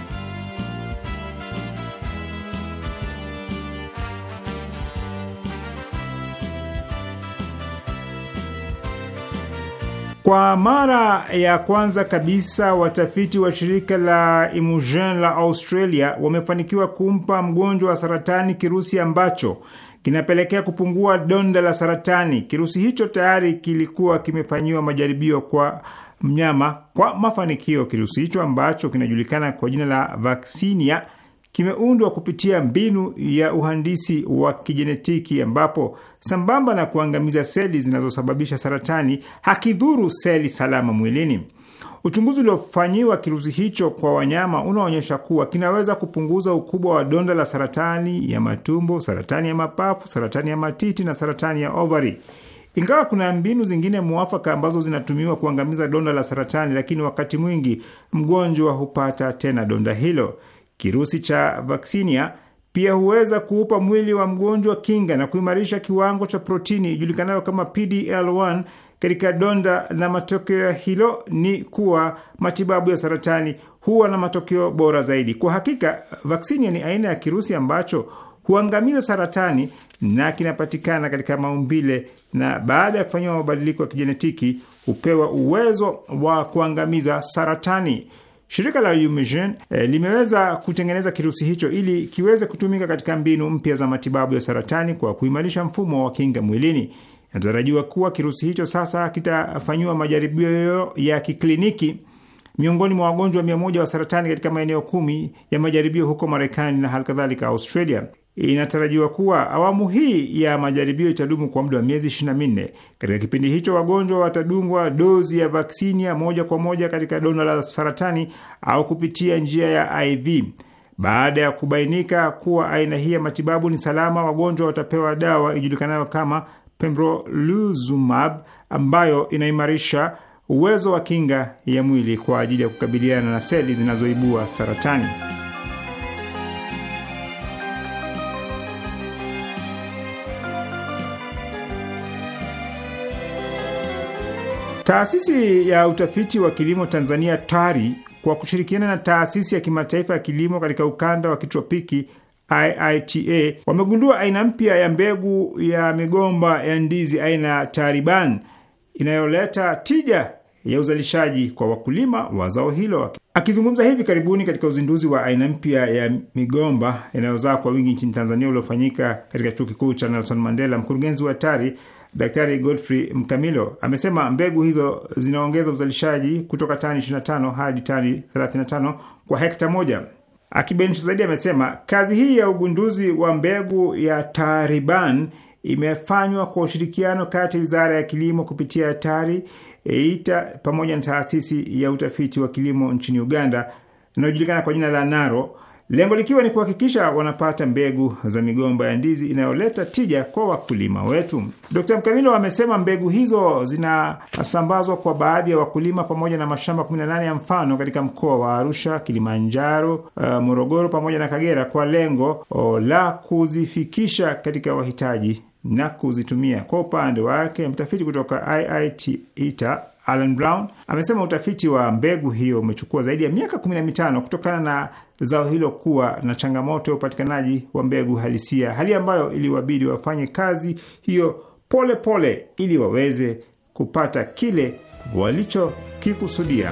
Kwa mara ya kwanza kabisa watafiti wa shirika la Imugen la Australia wamefanikiwa kumpa mgonjwa wa saratani kirusi ambacho kinapelekea kupungua donda la saratani. Kirusi hicho tayari kilikuwa kimefanyiwa majaribio kwa mnyama kwa mafanikio. Kirusi hicho ambacho kinajulikana kwa jina la Vaksinia kimeundwa kupitia mbinu ya uhandisi wa kijenetiki ambapo sambamba na kuangamiza seli zinazosababisha saratani hakidhuru seli salama mwilini. Uchunguzi uliofanyiwa kirusi hicho kwa wanyama unaonyesha kuwa kinaweza kupunguza ukubwa wa donda la saratani ya matumbo, saratani ya mapafu, saratani ya matiti na saratani ya ovari. Ingawa kuna mbinu zingine mwafaka ambazo zinatumiwa kuangamiza donda la saratani, lakini wakati mwingi mgonjwa hupata tena donda hilo. Kirusi cha vaksinia pia huweza kuupa mwili wa mgonjwa kinga na kuimarisha kiwango cha protini ijulikanayo kama PDL1 katika donda na matokeo ya hilo ni kuwa matibabu ya saratani huwa na matokeo bora zaidi. Kwa hakika vaksini ni aina ya kirusi ambacho huangamiza saratani na kinapatikana katika maumbile, na baada ya kufanyiwa mabadiliko ya kijenetiki hupewa uwezo wa kuangamiza saratani. Shirika la Eumedion eh, limeweza kutengeneza kirusi hicho ili kiweze kutumika katika mbinu mpya za matibabu ya saratani kwa kuimarisha mfumo wa kinga mwilini. Inatarajiwa kuwa kirusi hicho sasa kitafanyiwa majaribio ya kikliniki miongoni mwa wagonjwa mia moja wa saratani katika maeneo kumi ya majaribio huko Marekani na halikadhalika Australia. Inatarajiwa kuwa awamu hii ya majaribio itadumu kwa muda wa miezi 24. Katika kipindi hicho, wagonjwa watadungwa dozi ya vaksini ya moja kwa moja katika donda la saratani au kupitia njia ya IV. Baada ya kubainika kuwa aina hii ya matibabu ni salama, wagonjwa watapewa dawa ijulikanayo kama pembrolizumab ambayo inaimarisha uwezo wa kinga ya mwili kwa ajili ya kukabiliana na seli zinazoibua saratani. Taasisi ya utafiti wa kilimo Tanzania TARI kwa kushirikiana na taasisi ya kimataifa ya kilimo katika ukanda wa kitropiki IITA wamegundua aina mpya ya mbegu ya migomba ya ndizi aina ya Tariban inayoleta tija ya uzalishaji kwa wakulima wa zao hilo. Akizungumza hivi karibuni katika uzinduzi wa aina mpya ya migomba inayozaa kwa wingi nchini Tanzania uliofanyika katika chuo kikuu cha Nelson Mandela, mkurugenzi wa TARI Daktari Godfrey Mkamilo amesema mbegu hizo zinaongeza uzalishaji kutoka tani 25 hadi tani 35 kwa hekta moja. Akibainisha zaidi, amesema kazi hii ya ugunduzi wa mbegu ya Tariban imefanywa kwa ushirikiano kati ya wizara ya kilimo kupitia TARI EITA pamoja na taasisi ya utafiti wa kilimo nchini Uganda inayojulikana kwa jina la NARO lengo likiwa ni kuhakikisha wanapata mbegu za migomba ya ndizi inayoleta tija kwa wakulima wetu. Dkt Mkamilo amesema mbegu hizo zinasambazwa kwa baadhi ya wakulima pamoja na mashamba 18 ya mfano katika mkoa wa Arusha, Kilimanjaro, uh, Morogoro pamoja na Kagera kwa lengo oh, la kuzifikisha katika wahitaji na kuzitumia. Kwa upande wake mtafiti kutoka IIT ITA Alan Brown amesema utafiti wa mbegu hiyo umechukua zaidi ya miaka 15 kutokana na zao hilo kuwa na changamoto ya upatikanaji wa mbegu halisia, hali ambayo iliwabidi wafanye kazi hiyo polepole pole ili waweze kupata kile walichokikusudia.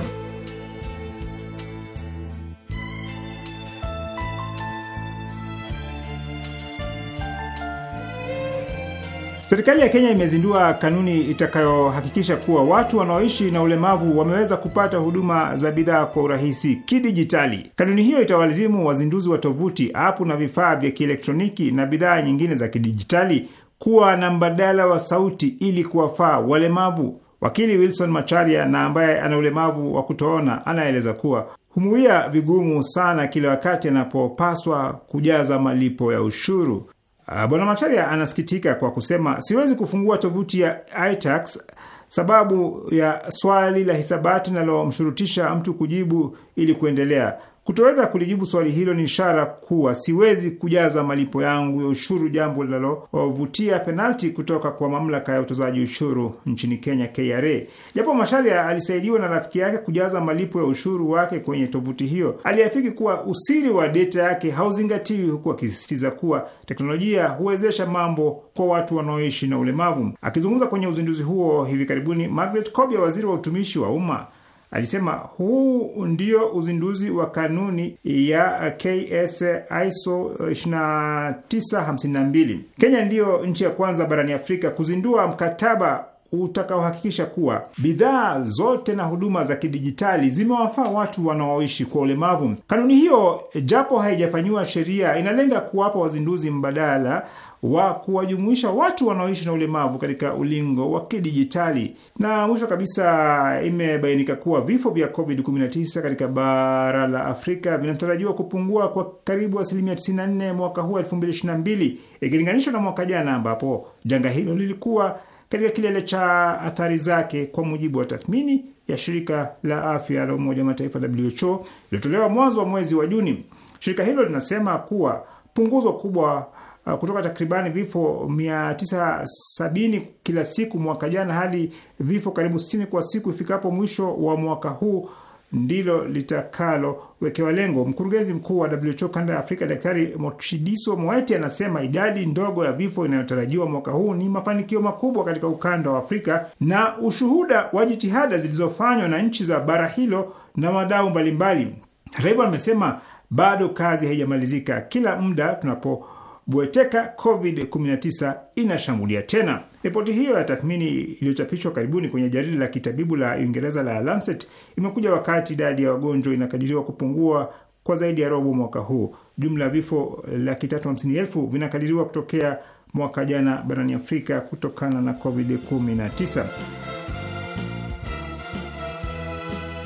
Serikali ya Kenya imezindua kanuni itakayohakikisha kuwa watu wanaoishi na ulemavu wameweza kupata huduma za bidhaa kwa urahisi kidijitali. Kanuni hiyo itawalazimu wazinduzi wa tovuti, apu na vifaa vya kielektroniki na bidhaa nyingine za kidijitali kuwa na mbadala wa sauti ili kuwafaa walemavu. Wakili Wilson Macharia na ambaye ana ulemavu wa kutoona anaeleza kuwa humuia vigumu sana kila wakati anapopaswa kujaza malipo ya ushuru. Ah, Bwana Macharia anasikitika kwa kusema, siwezi kufungua tovuti ya iTax sababu ya swali la hisabati linalomshurutisha mtu kujibu ili kuendelea. Kutoweza kulijibu swali hilo ni ishara kuwa siwezi kujaza malipo yangu ya ushuru, jambo linalovutia penalti kutoka kwa mamlaka ya utozaji ushuru nchini Kenya, KRA. Japo masharia alisaidiwa na rafiki yake kujaza malipo ya ushuru wake kwenye tovuti hiyo, aliafiki kuwa usiri wa data yake hauzingatiwi, huku akisisitiza kuwa teknolojia huwezesha mambo kwa watu wanaoishi na ulemavu. Akizungumza kwenye uzinduzi huo hivi karibuni, Margaret Kobia, waziri wa utumishi wa umma Alisema huu ndio uzinduzi wa kanuni ya KS ISO 2952. Kenya ndiyo nchi ya kwanza barani Afrika kuzindua mkataba utakaohakikisha kuwa bidhaa zote na huduma za kidijitali zimewafaa watu wanaoishi kwa ulemavu. Kanuni hiyo japo haijafanyiwa sheria, inalenga kuwapa wazinduzi mbadala wa kuwajumuisha watu wanaoishi na ulemavu katika ulingo wa kidijitali. Na mwisho kabisa, imebainika kuwa vifo vya COVID-19 katika bara la Afrika vinatarajiwa kupungua kwa karibu asilimia 94 mwaka huu 2022 ikilinganishwa na mwaka jana ambapo janga hilo lilikuwa katika kilele cha athari zake, kwa mujibu wa tathmini ya shirika la afya la Umoja wa Mataifa WHO iliyotolewa mwanzo wa mwezi wa Juni. Shirika hilo linasema kuwa punguzo kubwa Ah, kutoka takribani vifo 970 kila siku mwaka jana hadi vifo karibu 60 kwa siku ifikapo mwisho wa mwaka huu ndilo litakalowekewa lengo. Mkurugenzi mkuu wa WHO kanda ya Afrika, Daktari Motshidiso Moeti anasema idadi ndogo ya vifo inayotarajiwa mwaka huu ni mafanikio makubwa katika ukanda wa Afrika na ushuhuda wa jitihada zilizofanywa na nchi za bara hilo na wadau mbalimbali. Hata hivyo, amesema bado kazi haijamalizika. Kila muda tunapo bweteka COVID-19 inashambulia tena. Ripoti hiyo ya tathmini iliyochapishwa karibuni kwenye jarida la kitabibu la Uingereza la Lancet imekuja wakati idadi ya wagonjwa inakadiriwa kupungua kwa zaidi ya robo mwaka huu. Jumla vifo laki tatu hamsini elfu vinakadiriwa kutokea mwaka jana barani Afrika kutokana na COVID-19.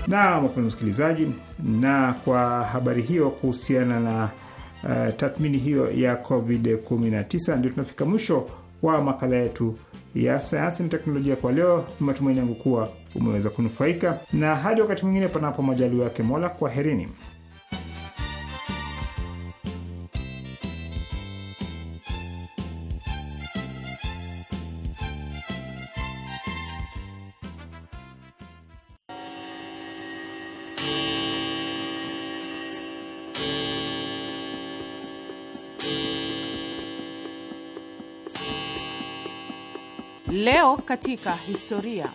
Na wapenzi msikilizaji, na kwa habari hiyo kuhusiana na uh, tathmini hiyo ya COVID-19, ndio tunafika mwisho wa makala yetu ya sayansi na teknolojia kwa leo. Ni matumaini yangu kuwa umeweza kunufaika, na hadi wakati mwingine, panapo majaliwa yake Mola, kwaherini. Leo katika historia.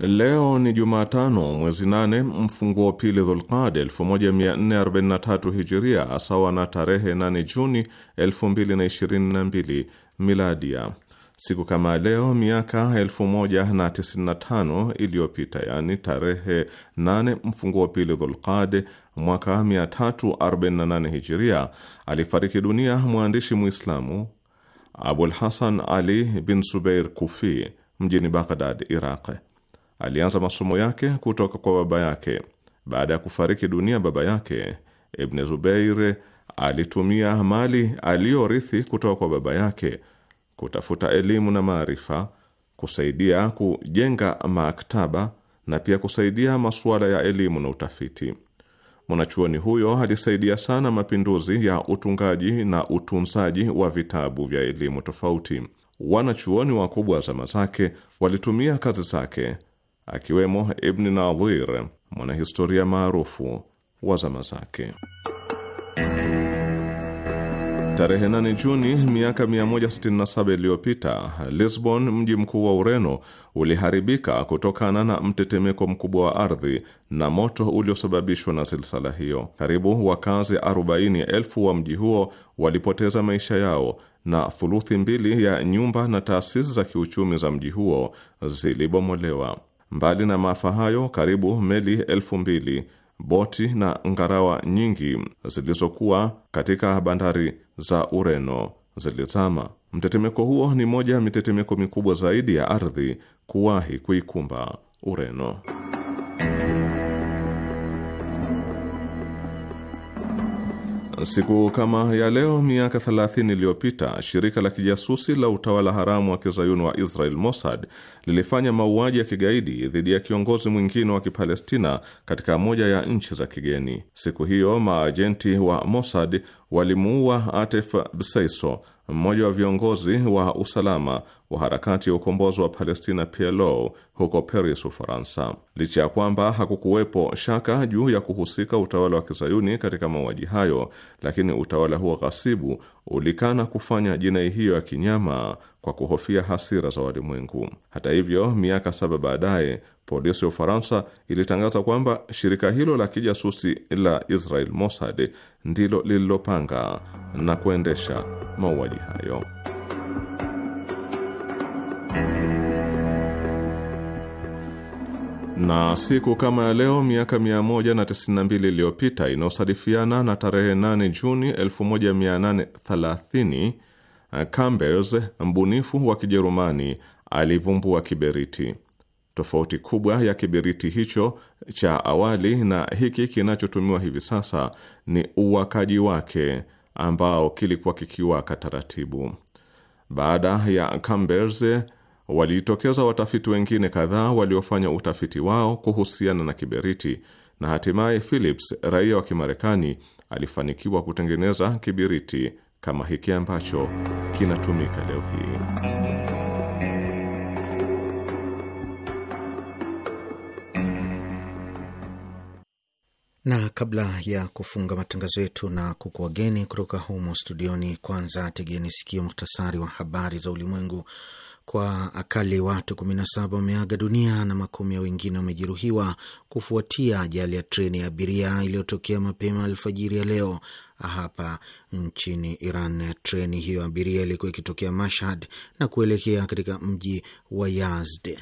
Leo ni Jumatano, mwezi nane mfunguo pili Dhulqada 1443 Hijiria, sawa na tarehe 8 Juni 2022 Miladia. Siku kama leo miaka 1095 iliyopita, yani tarehe 8 wa pili Dhulqad mwaka 348 Hijiria, alifariki dunia mwandishi Muislamu Abul Hasan Ali bin Subeir Kufi mjini Baghdad, Iraq. Alianza masomo yake kutoka kwa baba yake. Baada ya kufariki dunia baba yake, Ibn Zubeir alitumia mali aliyorithi kutoka kwa baba yake kutafuta elimu na maarifa, kusaidia kujenga maktaba na pia kusaidia masuala ya elimu na utafiti. Mwanachuoni huyo alisaidia sana mapinduzi ya utungaji na utunzaji wa vitabu vya elimu tofauti. Wanachuoni wakubwa zama zake walitumia kazi zake, akiwemo Ibn Nadhir, mwanahistoria maarufu wa zama zake. Tarehe 8 Juni miaka 167 iliyopita Lisbon, mji mkuu wa Ureno, uliharibika kutokana na mtetemeko mkubwa wa ardhi na moto uliosababishwa na silsala hiyo. Karibu wakazi 40,000 wa mji huo walipoteza maisha yao na thuluthi mbili ya nyumba na taasisi za kiuchumi za mji huo zilibomolewa. Mbali na maafa hayo, karibu meli elfu mbili boti na ngarawa nyingi zilizokuwa katika bandari za Ureno zilizama. Mtetemeko huo ni moja ya mitetemeko mikubwa zaidi ya ardhi kuwahi kuikumba Ureno. Siku kama ya leo miaka 30 iliyopita, shirika la kijasusi la utawala haramu wa kizayuni wa Israel Mossad lilifanya mauaji ya kigaidi dhidi ya kiongozi mwingine wa Kipalestina katika moja ya nchi za kigeni. Siku hiyo maajenti wa Mossad walimuua Atef Bseiso, mmoja wa viongozi wa usalama wa harakati ya ukombozi wa Palestina PLO huko Paris, Ufaransa. Licha ya kwamba hakukuwepo shaka juu ya kuhusika utawala wa kizayuni katika mauaji hayo, lakini utawala huo ghasibu ulikana kufanya jinai hiyo ya kinyama kwa kuhofia hasira za walimwengu. Hata hivyo, miaka saba baadaye polisi ya Ufaransa ilitangaza kwamba shirika hilo la kijasusi la Israel Mossad ndilo lililopanga na kuendesha mauaji hayo. na siku kama ya leo miaka 192 iliyopita inayosadifiana na tarehe 8 Juni 1830 Ah, Campbell mbunifu wa Kijerumani alivumbua kiberiti. Tofauti kubwa ya kiberiti hicho cha awali na hiki kinachotumiwa hivi sasa ni uwakaji wake ambao kilikuwa kikiwaka taratibu. Baada ya Campbell's walitokeza watafiti wengine kadhaa waliofanya utafiti wao kuhusiana na kiberiti na hatimaye Phillips raia wa Kimarekani alifanikiwa kutengeneza kibiriti kama hiki ambacho kinatumika leo hii. na kabla ya kufunga matangazo yetu na kukuwageni kutoka humo studioni, kwanza tegeni sikio muktasari wa habari za ulimwengu kwa akali watu 17 wameaga dunia na makumi ya wengine wamejeruhiwa kufuatia ajali ya treni ya abiria iliyotokea mapema alfajiri ya leo hapa nchini Iran. Treni hiyo ya abiria ilikuwa ikitokea Mashhad na kuelekea katika mji wa Yazd.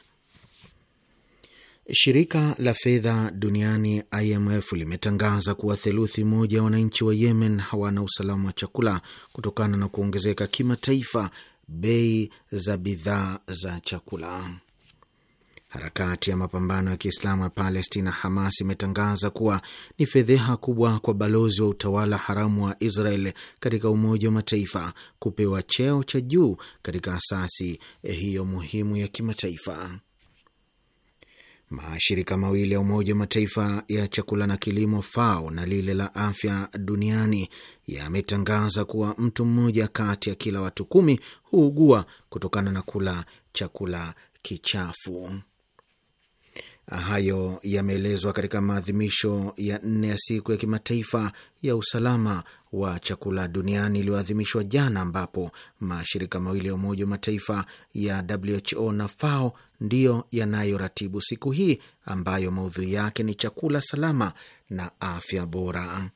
Shirika la fedha duniani IMF limetangaza kuwa theluthi moja ya wananchi wa Yemen hawana usalama wa chakula kutokana na kuongezeka kimataifa bei za bidhaa za chakula. Harakati ya mapambano ya Kiislamu ya Palestina, Hamas, imetangaza kuwa ni fedheha kubwa kwa balozi wa utawala haramu wa Israel katika Umoja wa Mataifa kupewa cheo cha juu katika asasi hiyo muhimu ya kimataifa mashirika mawili ya Umoja wa Mataifa ya chakula na kilimo FAO na lile la afya duniani yametangaza kuwa mtu mmoja kati ya kila watu kumi huugua kutokana na kula chakula kichafu. Hayo yameelezwa katika maadhimisho ya nne ya siku ya kimataifa ya usalama wa chakula duniani iliyoadhimishwa jana, ambapo mashirika mawili ya Umoja wa Mataifa ya WHO na FAO ndiyo yanayoratibu siku hii ambayo maudhui yake ni chakula salama na afya bora.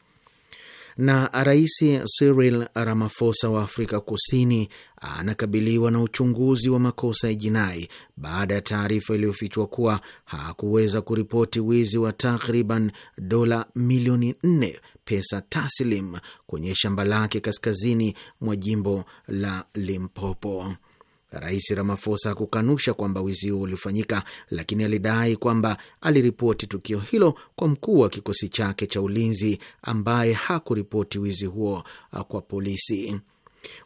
Na Rais Cyril Ramaphosa wa Afrika Kusini anakabiliwa na uchunguzi wa makosa ya jinai baada ya taarifa iliyofichwa kuwa hakuweza kuripoti wizi wa takriban dola milioni nne pesa taslim kwenye shamba lake kaskazini mwa jimbo la Limpopo. Rais ramafosa hakukanusha kwamba wizi huo ulifanyika, lakini alidai kwamba aliripoti tukio hilo kwa mkuu wa kikosi chake cha ulinzi ambaye hakuripoti wizi huo kwa polisi.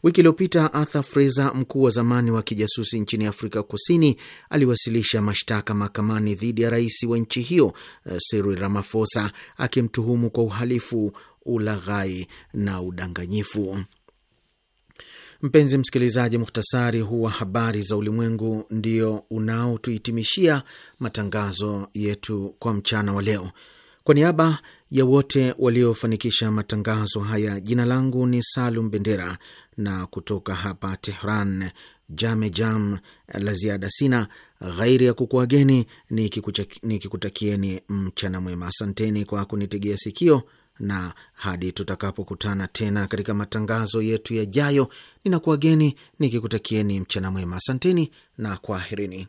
Wiki iliyopita Arthur Fraser, mkuu wa zamani wa kijasusi nchini Afrika Kusini, aliwasilisha mashtaka mahakamani dhidi ya rais wa nchi hiyo eh, Cyril Ramaphosa, akimtuhumu kwa uhalifu, ulaghai na udanganyifu. Mpenzi msikilizaji, muhtasari huu wa habari za ulimwengu ndio unaotuhitimishia matangazo yetu kwa mchana wa leo. Kwa niaba ya wote waliofanikisha matangazo haya, jina langu ni Salum Bendera na kutoka hapa Tehran, jame jam la ziada sina ghairi ya kukuageni nikikutakieni mchana mwema. Asanteni kwa kunitegea sikio na hadi tutakapokutana tena katika matangazo yetu yajayo, ninakuageni nikikutakieni mchana mwema. Asanteni na kwaherini.